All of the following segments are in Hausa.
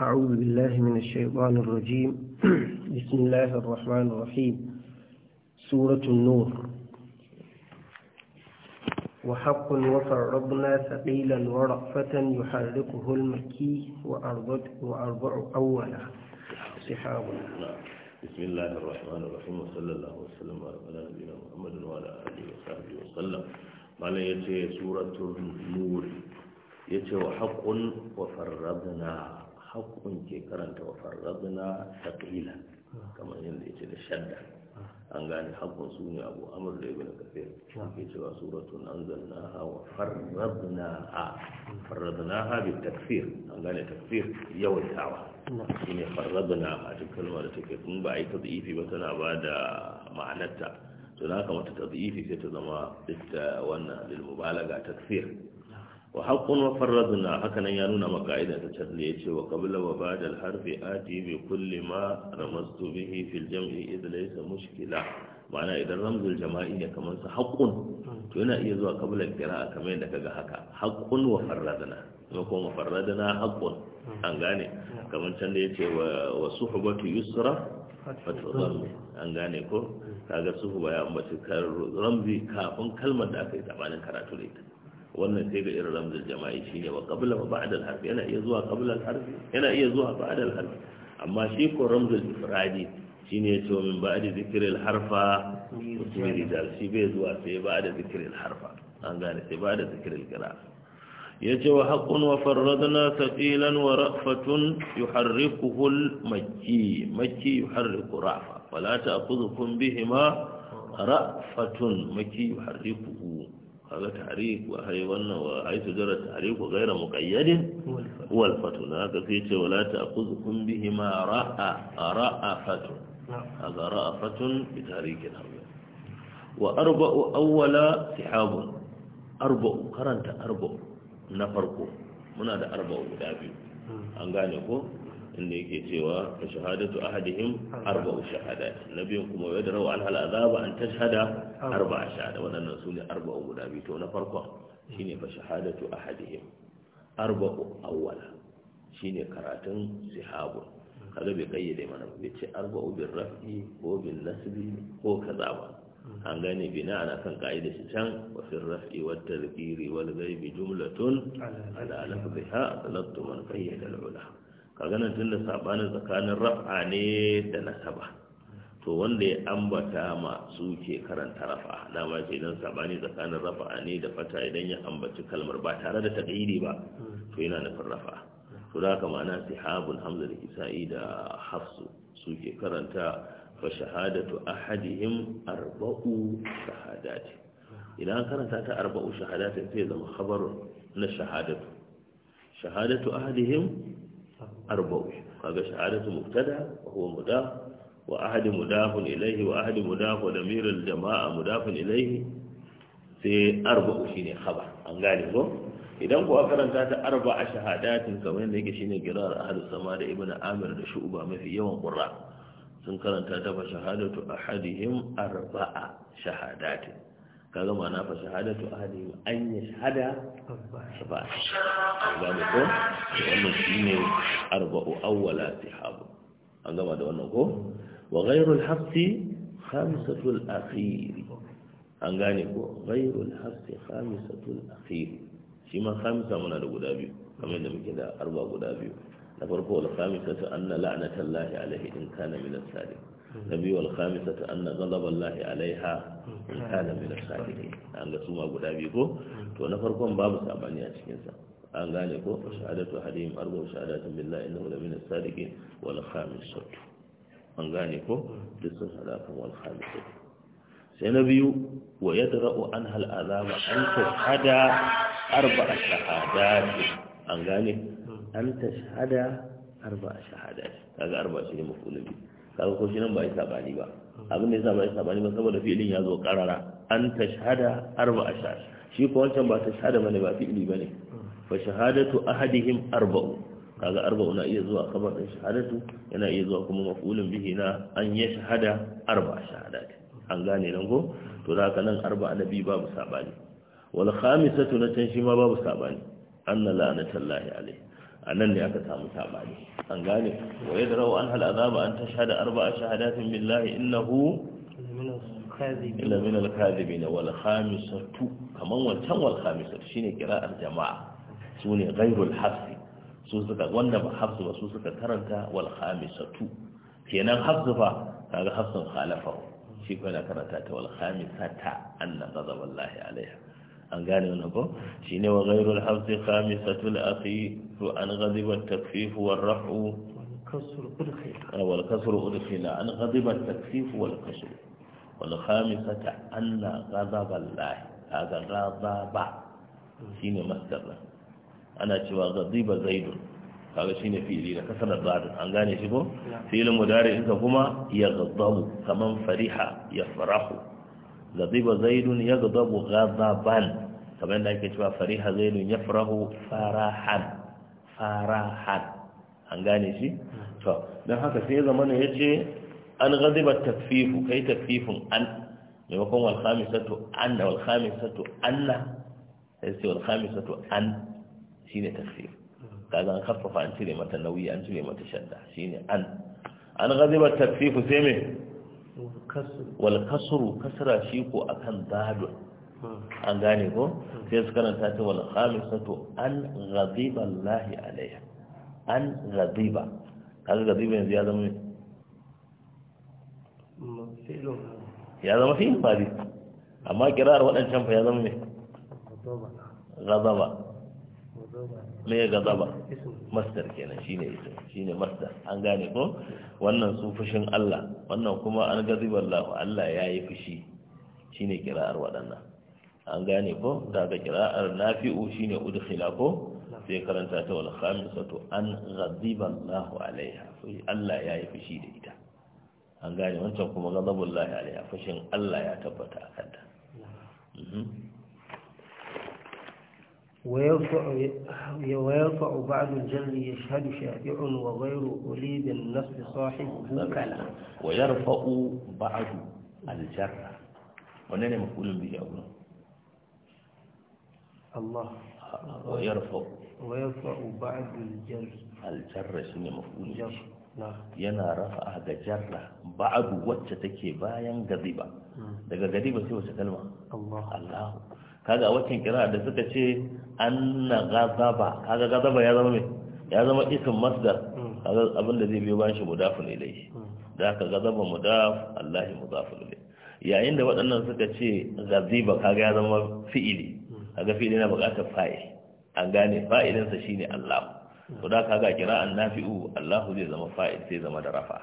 أعوذ بالله من الشيطان الرجيم بسم الله الرحمن الرحيم سورة النور وحق وفرضنا ثقيلا ورأفة يحرقه المكي وأربع أولا صحابنا بسم الله الرحمن الرحيم وصلى الله وسلم على نبينا محمد وعلى آله وصحبه وسلم قال يتي سورة النور يتي وحق وفرضنا haƙƙun ke karanta wa farradna taqila kamar yadda yake da shadda an gane haƙƙun su ne abu amur da ibn kafir ke cewa suratun anzalnaha wa farradnaha farradnaha bi takfir an gane takfir yawaitawa shine farradnaha duk kalmar da take kun ba ai tadhifi ba tana ba da ma'anarta to na kamata tadhifi sai ta zama duk wannan lil mubalaga takfir wa haƙƙun wa farradna haka nan ya nuna maka aida ta tarli yace wa qabla wa ba'da al harfi ati bi kulli ma ramastu bihi fil jam'i id laysa mushkila ma'ana idan ramzul jama'i ne kamar sa haqqun to yana iya zuwa qabla qira'a kamar yadda kaga haka haqqun wa farradna kuma kuma farradna haqqun an gane kamar can da yace wa suhbatu yusra an gane ko kaga suhu ya ambaci ramzi kafin kalmar da aka yi tsabanin karatu da ita wannan sai ga irin ramzul jama'i shine wa qabla wa ba'da al-harf yana iya zuwa qabla al yana iya zuwa ba'da al-harf amma shi ko ramzul ifradi shine wa min ba'da zikri al-harfa usmi rijal shi bai zuwa sai ba'da zikri al-harfa an gane sai ba'da zikri al Ya ce wa haqqun wa farradna thaqilan wa rafatun yuharrikuhu al-makki makki yuharriku rafa wala ta ta'khudhukum bihima rafatun makki yuharrikuhu kaga tahriq wa hay wannan wa hay tujara tahriq wala ta'khudhukum bihima ra'a ra'a fatu kaga ra'a fatun bi tahriq al wa arba'u na farko muna da arba'u an gane ko inda yake cewa shahadatu a ahadihim arba'u shahadat nabiyin kuma ya da rawa an azaba an tashhada arba'a shahada waɗannan su ne arba'u guda biyu to na farkon Shi ne fa shahadatu a ahadihim arba'u awwala ne karatun sihabun kaga bai kayyade mana bai ce arba'u bin raf'i ko bin nasbi ko kaza ba an gane bina ana kan ka'ida shi can wa fil raf'i wat tadhkiri wal ghaibi jumlatun ala ha lafdhiha talattu man qayyada al ula kaganan tun da sabanin tsakanin raf'a ne da nasaba to wanda ya ambata masu ke karanta rafa dama ce don sabani tsakanin rafa ne da fata idan ya ambaci kalmar ba tare da taƙairi ba to yana nufin rafa to da haka ma'ana sihabun hamza da isa'i da hafsu suke karanta fa shahadatu ahadihim arba'u shahadat idan karanta ta arba'u shahadat sai zama khabar na shahadatu shahadatu ahadihim arba'u shahadatu mubtada wa huwa mudaf wa ahad mudafun ilayhi wa ahad mudaf wa damir jama'a mudafun ilayhi sai arba'u shine khabar an gane ko idan kuwa karanta ta arba'a shahadatin kamar yadda yake shine girar ahlus sama da ibnu amir da shu'ba mafi yawan qurra sun karanta ta fa shahadatu ahadihim arba'a shahadatin Ka kaga na fa shahada shahadatu ahadihim an yashhada shafa'a gane ko wannan shine arba'u awwala tihabu an gama da wannan ko wa ghayru al-hafsi khamsatu al-akhir an gane ko ghayru al-hafsi khamsatu al-akhir shi ma khamsa muna da guda biyu kamar yadda muke da arba guda biyu na farko al-khamisatu anna la'natallahi alaihi in kana min as-sadiqin nabi wal khamisata anna ghadab Allah alaiha kana min as-sadiqin an ga suma guda biyu ko to na farkon babu sabani a cikin sa an gane ko shahadatu halim arba shahadatu billahi innahu la min as-sadiqin wal khamisatu an gane ko duk sun hada kan wal khamisatu sai na biyu wa yadra'u anha al-azaba an tashhada arba'a shahadat an gane an tashhada arba shahadat kaga arba'a shi ne mafulun biyu kaga ko shi nan ba yi sabani ba abin da yasa ba sabani ba saboda fi'ilin ya zo karara an tashhada arba ashar shi ko wancan ba tashhada bane ba fi'ili bane fa shahadatu ahadihim arba'u kaga arba'u na iya zuwa kamar din shahadatu yana iya zuwa kuma maf'ulun bihi na an ya shahada arba shahadat an gane nan ko to da haka nan arba bi babu sabani wal khamisatu na can shi ma babu sabani anna la'natullahi alayhi a nan ne aka samu sabani an gane wa ya rawa an hal azaba an ta shahada arba'a shahadatin billahi innahu illa min al-kadhibin kamar khamisatu kaman wancan wal khamisatu shine kira'ar jama'a sune ghairul hasbi su suka wanda ba hafsu ba su suka karanta wal kenan hafsu ba? kaga hafsun halafa shi ko yana karanta ta wal ta, anna ghadaballahi alaiha an gane wannan ko shine wa ghayrul hafzi khamisatul akhiru an ghadiba at-takfif war raf'u wal kasru na ah, an ghadiba at-takfif wal kasru wal khamisata anna ghadaba Allah hada ghadaba shine masdar ana cewa ghadiba zaidun kaga shine fi'ili da kasarar zadin an gane shi ko mu mudari insa kuma ya ghadabu kaman fariha ya farahu gaziba zaidun ya gazabu gazaban kamar yadda ake cewa fariha zaidun ya farahu farahan farahan an gane shi to don haka sai ya zamana ya ce an gaziba tafifu kai tafifun an maimakon walhamisatu an da walhamisatu an na sai sai walhamisatu an shi ne tafif kaga an karfafa an cire mata nauyi an cire mata shadda shi ne an an gaziba tafifu sai mai walkasuru kasru kasra shi ko akan dalun hmm. an gane ko hmm. sai su karanta ta wal khamisatu an ghadiba Allah alaiha an ghadiba kaga ghadiba yanzu ya zama ya zama fi fadi amma kirar waɗancan fa ya zama ne ghadaba me gazaba masdar kenan shine ita shine masdar an gane ko wannan su fushin Allah wannan kuma an gaziba Allah ya yayi fushi shine kira'ar waɗannan an gane ko daga kira'ar nafi'u shine udkhila ko sai karanta ta wal khamisatu an ghadiba Allah alaiha Allah yayi fushi da ita an gane wancan kuma ghadabullahi alaiha fushin Allah ya tabbata a kanta mhm. ويرفع بعض الجر يشهد شافع وغير أولي بالنص صاحب مكلا ويرفع بعض الجر ونحن مفعول به أولا الله ويرفع ويرفع بعض الجر الجر شنو مفعول به نعم. ينا رفع هذا jarra بعض wacce take bayan gaziba daga gaziba sai wacce الله Allah kaga a wacin kira da suka ce anna gazaba kaga gazaba ya zama mai ya zama isin masdar kaga abin da zai biyo bayan shi mudafun ilayhi da ka gazaba mudaf allahi mudafun ilayhi yayin da waɗannan suka ce gaziba kaga ya zama fi'ili kaga fi'ili na buƙatar fa'il an gane fa'ilinsa shine allah to da kaga kira'an nafi'u allahu zai zama fa'il sai zama da rafa.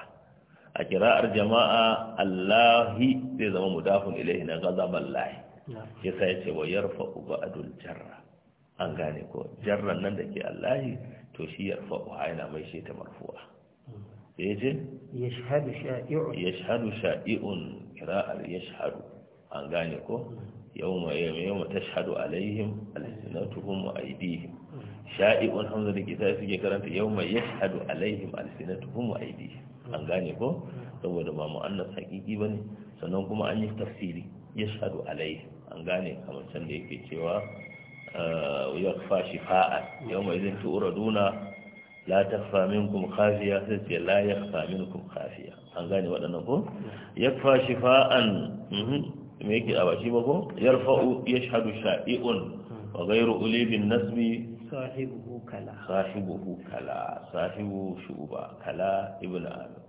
a kira'ar jama'a Allahi zai zama mudafin ilahi na gazaban lahi ya sa ya ce wa yarfa uba adul jarra an gane ko jarran nan da ke allahi to shi yarfa uha yana mai shi ta marfuwa mm. ya ce ya shahadu sha'i'un kira'ar ya shahadu an gane ko mm. yau ma yau ta shahadu alaihim alisinatuhum wa aidihim mm. sha'i'un hamza da ke suke karanta yau ma ya shahadu alaihim alisinatuhum wa aidihim an gane ko saboda ba mu'annas hakiki ne sannan kuma an yi tafsiri ya shahadu alaihim an gane kamar can da yake cewa ya eh, fashi fa'a yau mai zin tura duna la ta famin kum kafiya sai ce la ya famin kum kafiya an gane waɗannan ko ya fashi fa'an mhm, me yake a bashi ba ko ya rafa'u ya shahadu sha'i'un wa gairu ulibin nasbi sahibu kala sahibu kala sahibu shuba kala ibn abu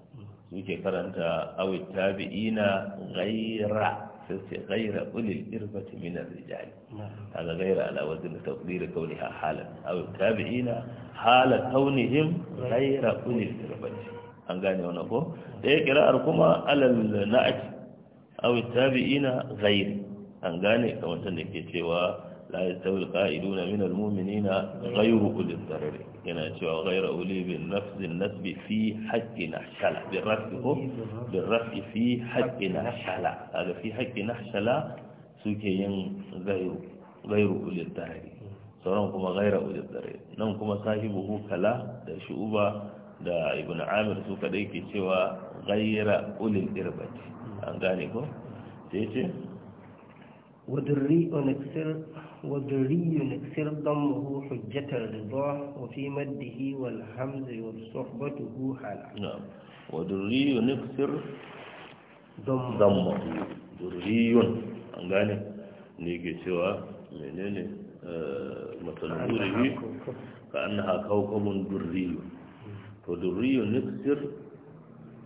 suke karanta awit tabi'ina ghaira sai ce ulil irbati min ar-rijali kaga ghaira ala wazn aw tabi'ina hala kaunihim ulil irbati an gane wannan ko da kuma alal na'at aw tabi'ina ghairi an gane kamar ke cewa la yastawi alqa'iduna min almu'minina ghayru ulil darari yana cewa ghayra uli nafsi nasbi fi haqqi nahshala bi rafi ko bi rafi fi haqqi nahshala kaga fi haqqi nahshala suke yin ghayru ghayru ulil darari sauran kuma ghayra ulil darari nan kuma sahibu kala da shu'uba da ibn amir su ke cewa gaira ulil an ko ودري نكسر ضمه حجة الرضا وفي مده والحمز وصحبته حالا نعم ودري نكسر ضم ضمه دري أنغاني نيجي سوا منين آه، مثلا ذري كأنها كوكب ذري وذري نكسر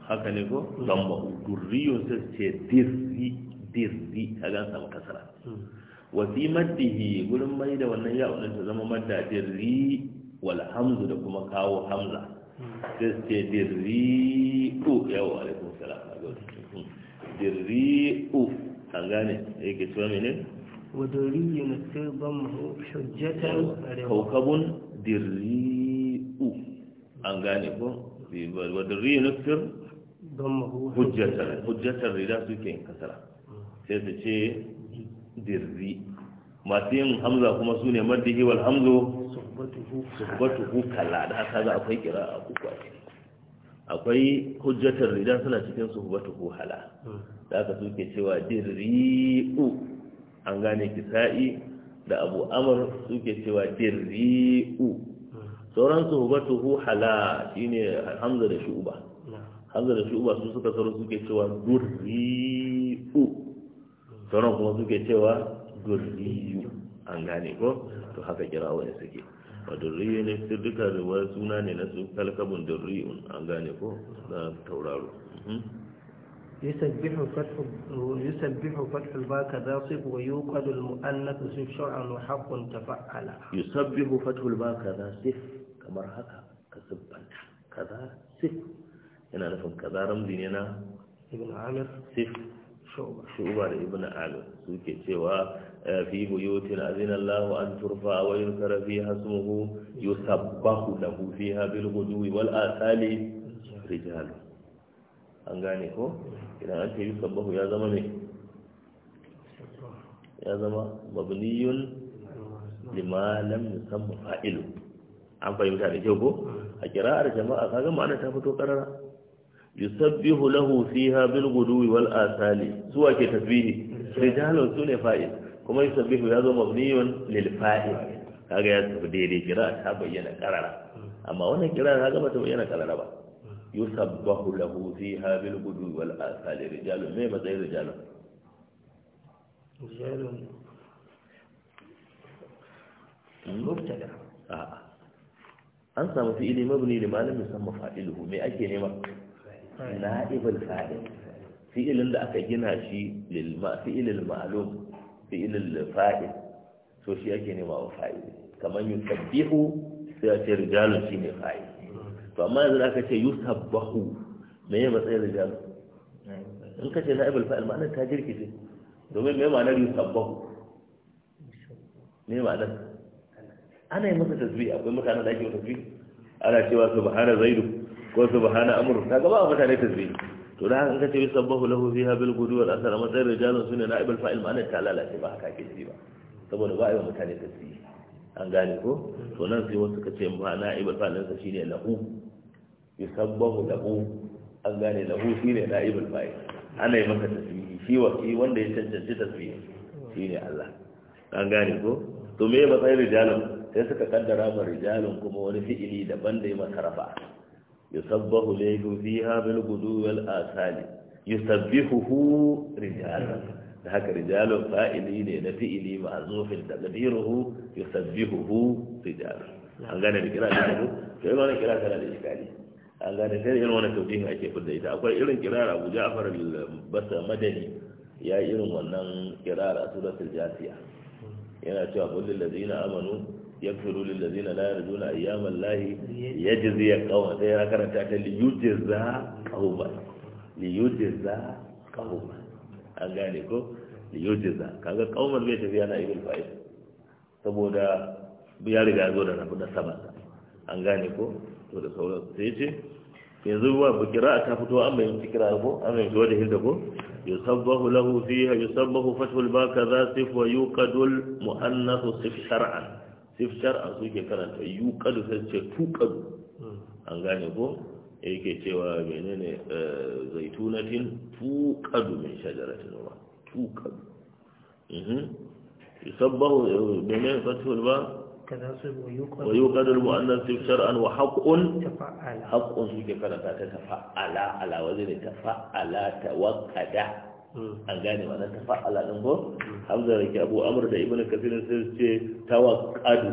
haka ne ko dambahu durriyun sai ce dirri dirri a gansa makasara wa fi maddihi gurin mai da wannan ya ta zama madda dirri wal hamzu da kuma kawo hamza sai ce dirri u yawo a yau alaikum salam dirri u an gane ya eh, ke tuwa ne. wa dirri yana sai ban mahu shujjatan kaukabun dirri u an gane ko wa dirri yana sai ban mahu hujjatan hujjatan rida suke kasara sai su ce dirzi masu yin hamza kuma su ne maddihi wal hamzo subbatuhu kalla da haka za akwai kira a uku akwai hujjatar ridan suna cikin subbatuhu hala da aka suke cewa dirri'u an gane kisa'i da abu amur suke cewa dirri'u sauran subbatuhu hala shine hamza da shu'ba hamza da shu'ba su suka saro suke cewa durri'u sauran kuma suke cewa durriyu an gane ko to haka kira wani suke wa durriyu ne su duka da suna ne na su kalkabun durriyun an gane ko na tauraro hmm? يسبح فتح يسبح فتح ta fa’ala. ويوقد المؤنث شرعا وحق تفعل يسبح kamar haka ka كما هكا sif yana nufin نفهم كذا ne na ibn amir sif. shuba da ibn al suke cewa fi buyutin azinallahu an turfa wa yuzkara fiha ismuhu yusabbahu lahu fi bil ghudwi wal asali rijal an gane ko idan an ce yusabbahu ya zama ne ya zama mabniyun lima lam yusamma fa'ilu an fahimta da kyau ko a kira'ar jama'a kaga ma'ana ta fito karara yusabbihu lahu fiha bil gudwi wal asali zuwa ke tasbihi rijalun sune fa'il kuma yusabbihu ya zo mabniyun lil fa'il kaga ya tafi daidai kira ta bayyana karara amma wannan kira kaga ba ta bayyana karara ba yusabbahu lahu fiha bil gudwi wal asali rijalun me matsayin rijalun rijalun mubtada a'a an samu fi'ili mabni limalin musamman fa'iluhu me ake nema na'ibul fa'il fi'ilin da aka gina shi lil fi'ilil ma'lum fi'ilil fa'il to shi ake nema wa fa'il kamar yusabbihu sai a ce rijalun ne fa'il to amma yanzu aka ce yusabbahu me ya matsayin rijalun in ka ce na'ibul fa'il ma'anar ta jirkice domin me ma'anar yusabbahu me ma'anar ana yi masa tasbih akwai mutanen da ake tasbih ana cewa subhana zaidu ko subhana amru kaga ba mutane tasbih to da haka kace sabahu lahu fiha bil gudu wal asr amma sai rijalun sunna al fa'il ma'ana ta lalace ba haka ke ba saboda ba ai mutane tasbih an gane ko to nan sai wasu kace ma al fa'il sa shine lahu yusabbahu lahu an gane lahu shine al fa'il ana yi maka tasbihi shi wa shi wanda ya cancanci tasbihi shine Allah an gane ko to me matsayin rijalun sai suka kaddara ba rijalun kuma wani fi'ili daban da ya masa يصبه ليل فيها بالغدو والآثال يسبحه رجالا هكا رجال فائلين نفئلي معزوف تقديره يسبحه رجالا an gane da kira da abu to yi wani kira tana da iskali an gane sai irin wani tauti a ke fudda ita akwai irin kirar a ja'far basa madani ya yi irin wannan kirar a suratul jasiya yana cewa kullul ladina amanu yaghfiru lil ladina la yarjuna ayyama allahi yajzi qawma sai ya karanta ta li yujza qawma li yujza qawma an gane ko li yujza kaga qawman bai tafiya na ibn fa'il saboda ya riga zo da rabu da sama an gane ko to da sauran sai ce yanzu ba bu kira ta fito an bayyana kira ko an bayyana wajen hinda ko يصبه له فيها يصبه فتح الباء كذا صف ويوقد المؤنث صف شرعا sai fi shar'a su ke karanta yu kadu sai ce tu kadu an gane ko yake cewa menene eh, zaitunatin tu kadu min shajaratin ba tu kadu mhm. yusabbahu menene fatul ba ويوقد المؤنث شرعا وحق تفعل حق سوى كذا تفعل على وزن تفعل Hmm. an gane wannan na tafa'ala din ko hmm. hamza da ke abu amur da ibn kafirin sai ce tawakkadu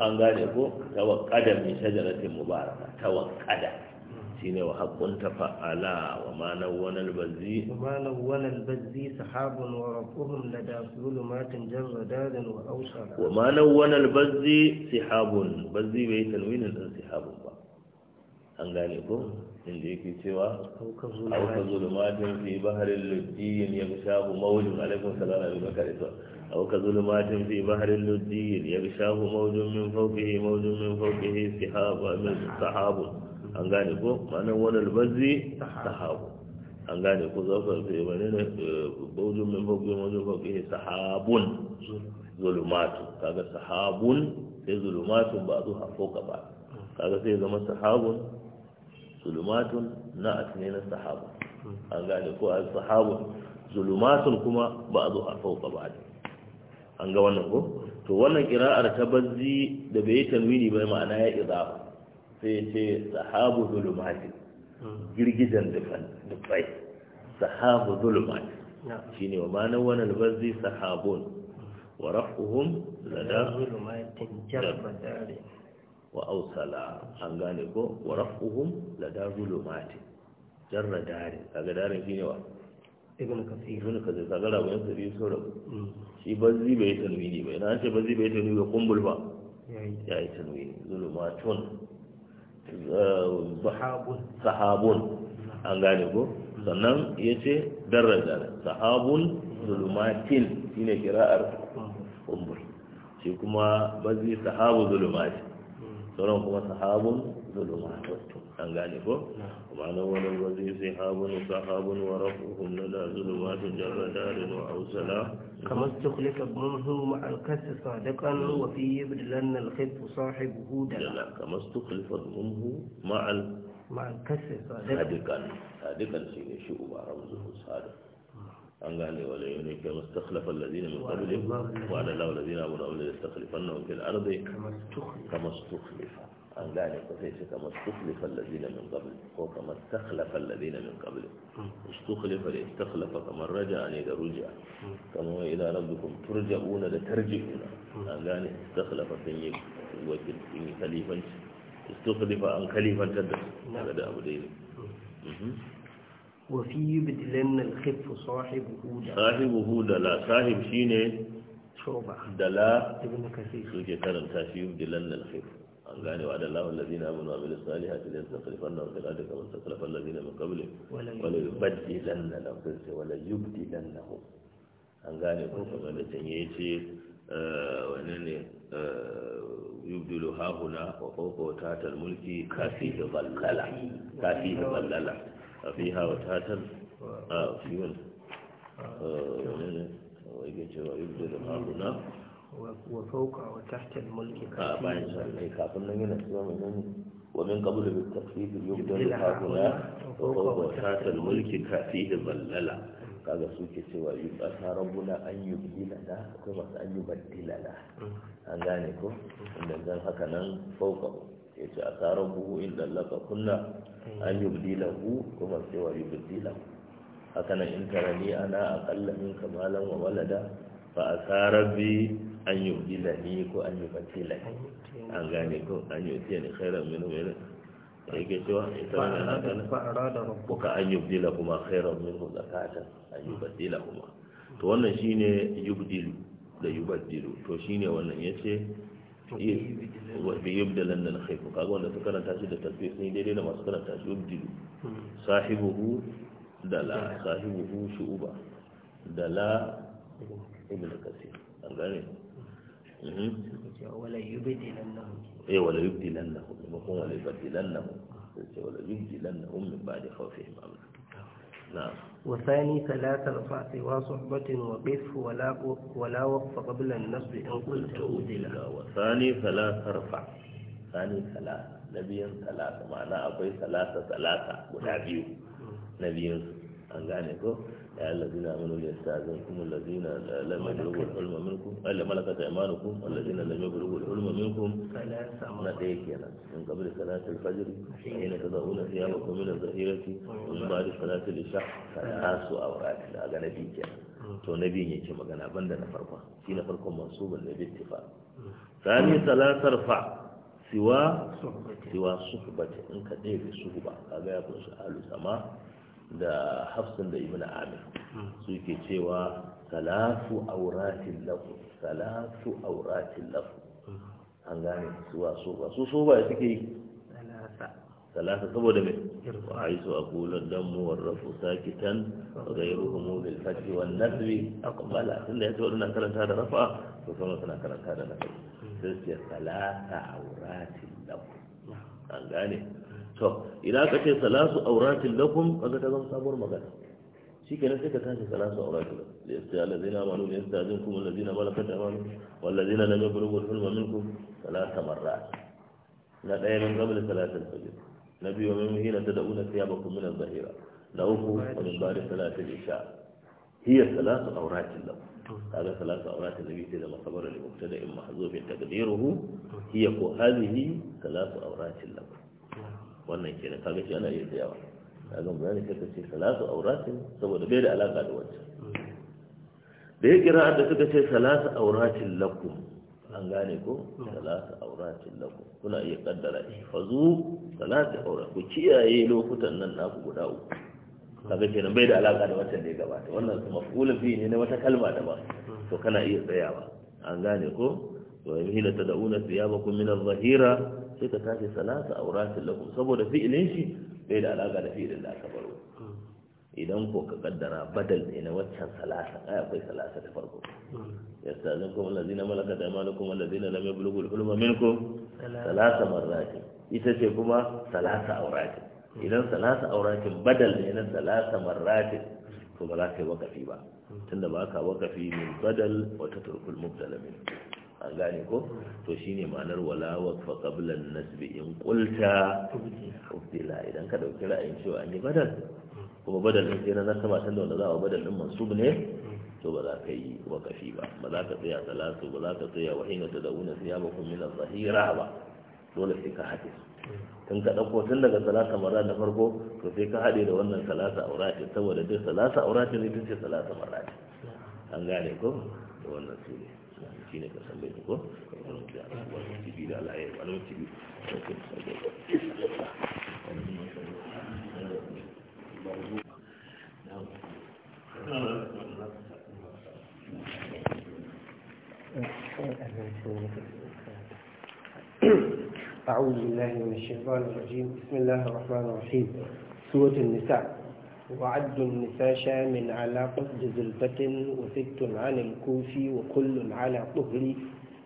an gane ko tawakkada min shajaratin mubaraka tawakkada hmm. shine wa haqqun tafa'ala wa ma nawwana al-bazzi wa ma nawwana al-bazzi sahabun wa rabbuhum lada zulumatin jarradan wa awsara wa ma nawwana al-bazzi sahabun bazzi bai tanwinin din sahabun ba an gane ko inda yake cewa a auka zulumatin fi baharin lujjiyin ya shahu maujin alaikun salama bi bakar ito auka zulumatin fi baharin lujjiyin ya shahu maujin min faukihi maujin min faukihi haɓa min sahabu an gane ko ma'anar wani albazi sahabu an gane ko za ku fi wani ne mawujin min faukihi mawujin faukihi sahabun zulumatu kaga sahabun sai zulumatun ba zuwa fauka ba kaga sai zama sahabun zulumatun na atne na sahaba an gane ko al sahabu zulumatun kuma ba a zo a fauka ba an ga wannan ko to wannan kira'ar ta bazzi da bai yi tanwini bai ma'ana ya iza sai ce sahabu zulumati girgijan dufai sahabu zulumati shi ne wa mana wani albazzi sahabun wa rafuhun da da jarba dare wa ausala an gane ko wa rafuhum la darulu mati jarra dari kaga darin shine wa ibn kasir ibn kasir kaga rabon sa biyu sura mm. shi bazzi bai tanwini bai na ce bazzi bai tanwini ba kumbul ba ya yi tanwini zulumatun sahabun sahabun an gane ko mm. sannan ya ce daraja sahabun zulumatin shine kira'ar kumbul shi kuma bazzi sahabu zulumatin sauran kuma sahabun ظلم عدتم يقول قالكم ومعنى الوزي سحاب وسحاب ورفعهم لدى ظلمات جر دار سلام كما استخلف ابنه مع الكس صادقا وفي يبدلن الخف صاحبه دلا كما استخلف ابنه مع مع الكس صادقا صادقا سيدي شؤ رمزه صادق عن أهل وليونك واستخلف الذين من قبلهم وعلى الله الذين أمروا ليستخلفنهم في الأرض كما استخلف عن أهل وليونك كما استخلف الذين من قبل قبلهم وكما استخلف الذين من قبلهم استخلف ليستخلف كما رجع أن إذا رجع كما إلى ربكم ترجعون لترجعون عن أهل استخلف في الوكل في خليفة استخلف عن خليفة جدا نعم. هذا أبو ديني وفي بدلن الخف صاحب هودا صاحب هودا لا صاحب شيني شعبة دلا ابن كثير سوجة كان في بدلن الخف أنقاني وعد الله الذين آمنوا وعملوا الصالحات لن تخلفنهم في الأرض كما استخلف الذين من قبلهم ولا يبدلن الأنفس ولا يبدلنهم أنقاني وكما تنيتي آه، ونني آه، يبدل ها هنا وفوق وتحت الملك كفيه ضلالة كفيه ضلالة فيها وتاتا في wani هنا وفوق وتحت الملك ومن قبل بالتخفيف يبدل هنا وفوق mulki الملك كافيه مللا kaga ke cewa yi ƙasa rabuna an yi bidila da akwai masu an yi baddila da an gane ko inda zan haka nan fauka ya ce a tsarar buhu in lallaka kunna an yi budilahu kuma sai wa yi budilahu haka nan in ni ana kalla min kamalan wa walada ba a tsarar bi an yi budilani ko an yi fatilani an gane ko an yi tiya ne min minu minu da yake cewa ita wani ana ganin kuka an yi budila kuma min minu zakatan an yi budila kuma to wannan shine yubdilu da yubdilu to shine wannan yace bi yubdalan nan khairu kaga wanda su karanta shi da tasbih sun daidai da masu karanta shi yubdilu hmm. sahibuhu da la sahibuhu shu'uba da la ibn kasir an gane mhm. wala yubdilan nan eh wala yubdilan nan kuma wala yubdilan nan sai wala yubdilan nan min ba'di khawfihim amna وثاني ثلاث رفع سوى صحبة وقف ولا ولا وقف قبل النصب إن قلت أودلا وثاني ثلاث رفع ثاني ثلاث نبي ثلاثة معناه أبي ثلاثة ثلاثة ولا بيو نبي أنجانيكو يا الذين آمنوا ليستأذنكم الذين لم يبلغوا الحلم منكم ألا ملكت أيمانكم والذين لم يبلغوا الحلم منكم نأتيك هنا من قبل صلاة الفجر حين تضعون ثيابكم من الظهيرة ومن بعد صلاة العشاء ثلاث أوقات لا غنى فيك to na biyun yake magana banda na farkon shi na farkon masu ban da bittifa sani salatar fa siwa siwa suhbati in ka ɗaya suhba kaga ya kunshi alu sama da hafsan da Amin. amir ke cewa salatu auratin lafu salatu auratin lafu an gane suwa ba su so ya suke yi salata saboda mai wa su a kulon don muwar rafu sakitan gairu humulil fati wa nasbi a kumbala tun da ya ce waɗanda karanta da rafa to sama suna karanta da nafi hmm. sai su ce salata auratin lafu an gane to idan aka ce salasu auratin lakum kaga ta zama sabuwar magana shi kenan sai ka tashi salasu auratin da yasta zina amanu da yasta azin kuma allazina malakat amanu ladina lam yablughu al-hulma minkum salasa marrat na daya min qabl al fajr na biyu min hina tad'una thiyabakum min al-zahira na uku min ba'da al isha hiya salasu auratin lakum هذا ثلاث أورات da إذا ما in لمبتدأ محذوف hiya ko hadhihi ثلاث أورات lakum wannan kenan kaga ce ana iya tsayawa zan bayani kaka ce salatu auratin saboda bai da alaka da wancan da ya kira da suka ce salatu auratin lakum an gane ko salatu auratin lakum kuna iya kaddara shi fazu salatu aurat ku kiyaye lokutan nan naku guda uku kaga kenan bai da alaka da wancan da ya gabata wannan kuma mafulun fi ne na wata kalma da ba to kana iya tsayawa an gane ko wa yamhila tad'una thiyabakum min adh-dhahira sai ka tashi salasa a auratin lahum saboda fi'ilin shi bai da alaƙa da fi'ilin da aka baro idan ko ka kaddara badal ne na waccan salasa ai akwai salasa ta farko yastazin kuma na malaka da malakum allazina lam yablughu al-hulma minkum salasa marrati ita ce kuma salasa a aurati idan salasa a aurati badal ne na salasa marrati to ba za ka yi wakafi ba tunda ba ka wakafi min badal wata tatrukul mubtala min an gane ko to shine ma'anar wala waqfa qabla an-nasbi in qulta ubdila idan ka dauki ra'ayin cewa an yi badal kuma badal din sai na sama tun da wanda za a badal din mansub ne to ba za ka yi kafi ba ba za ka tsaya salatu ba za ka tsaya hina tadawuna siyabakum min az-zahira ba dole sai ka haɗe tun ka dauko tun daga salatu mara da farko to sai ka hade da wannan salasa auratin saboda duk salasa auratin duk ce salatu mara an gane ko da wannan su ne ne kasan bai ko wani da wani tibi da Allah ya yi wani tibi أعوذ بالله من الشيطان الرجيم بسم الله الرحمن الرحيم سورة النساء وعد النساء شام على قصد زلفة وست عن الكوفي وكل على طهري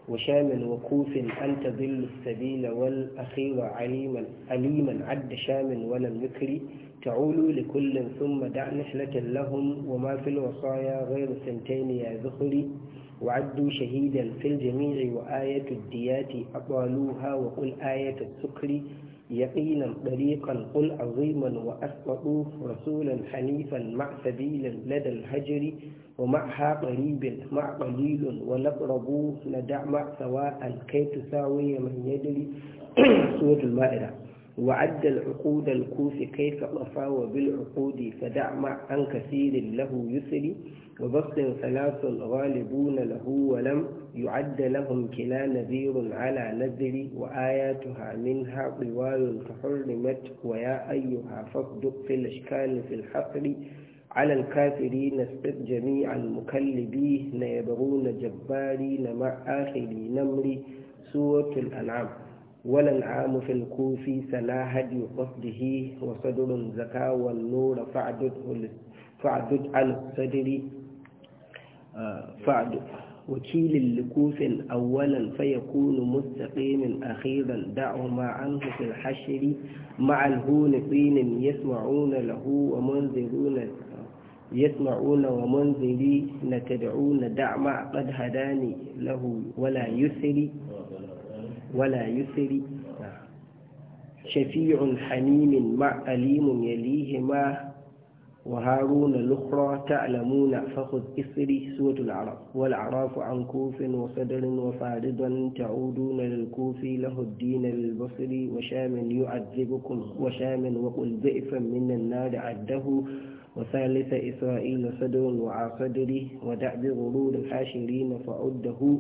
وشام وكوف أن تضل السبيل والأخير عليما أليما عد شام ولم يكري تعول لكل ثم دع نحلة لهم وما في الوصايا غير سنتين يا ذخري وعدوا شهيدا في الجميع وآية الديات أطالوها وقل آية السكر يقينا طريقا قل عظيما وأسقطوا رسولا حنيفا مع سبيل لدى الهجر ومعها قريب مع قليل ونقربوا ندع مع سواء كي تساوي من يدري سورة المائدة وعد العقود الكوف كيف قفا وبالعقود فدع مع عن كثير له يسري وبسط ثلاث الغالبون له ولم يعد لهم كلا نذير على نذر وآياتها منها طوال فحرمت ويا أيها فاصدق في الأشكال في الحقر على الكافرين اسقط جميع المكلبين يبغون جبارين مع آخر نمر سورة الأنعام ولا العام في الكوفي سلا هدي قصده وصدر زكا والنور فعدد فعدد على الصدر فعدد وكيل لكوف أولا فيكون مستقيم أخيرا دعهما عنه في الحشر مع الهون طين يسمعون له ومنذرون يسمعون ومنذرين تدعون دعما قد هداني له ولا يسري ولا يسر شفيع حميم مع أليم يليهما وهارون الأخرى تعلمون فخذ إسري سورة العرب والعراف عن كوف وصدر وفارضا تعودون للكوف له الدين للبصر وشام يعذبكم وشام وقل ضعفا من النار عده وثالث إسرائيل صدر وعصدره ودع بغرور الحاشرين فعده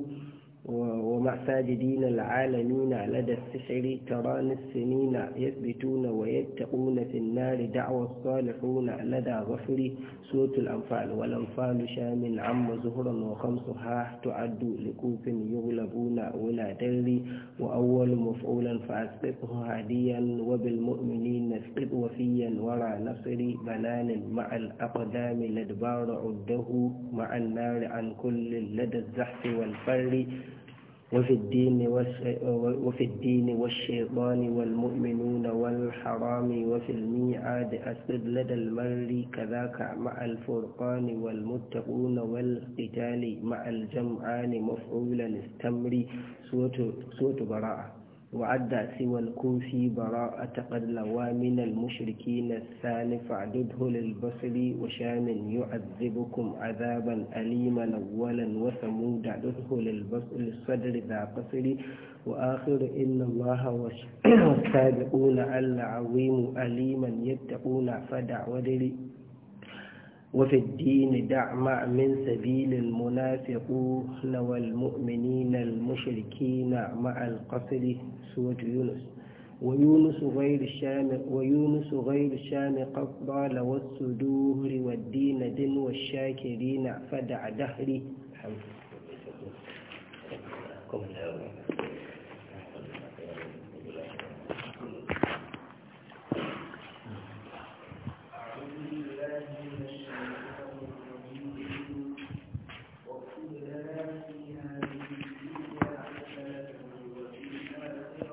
ومع ساجدين العالمين لدى السحر تران السنين يثبتون ويتقون في النار دعوى الصالحون لدى غفر سورة الأنفال والأنفال شام عم زهرا وخمسها تعد لكوف يغلبون ولا دري وأول مفعولا فأسقطه هاديا وبالمؤمنين اسقط وفيا ورا نصر بنان مع الأقدام لدبار عده مع النار عن كل لدى الزحف والفر وفي الدين وفي الدين والشيطان والمؤمنون والحرام وفي الميعاد أسد لدى المر كذاك مع الفرقان والمتقون والقتال مع الجمعان مفعولا استمري سورة براءة وعد سوى الكوفي براءة قد لوى من المشركين الثاني فاعدده للبصر وشام يعذبكم عذابا أليما أولا وثمود اعدده للبصر الصدر ذا قصر وآخر إن الله والسابقون العظيم أليما يتقون فدع ودري وفي الدين دع ما من سبيل المنافقون والمؤمنين المشركين مع القصر سورة يونس ويونس غير الشام ويونس غير الشام قد ضال والصدور والدين دن والشاكرين فدع دهري الحمد لله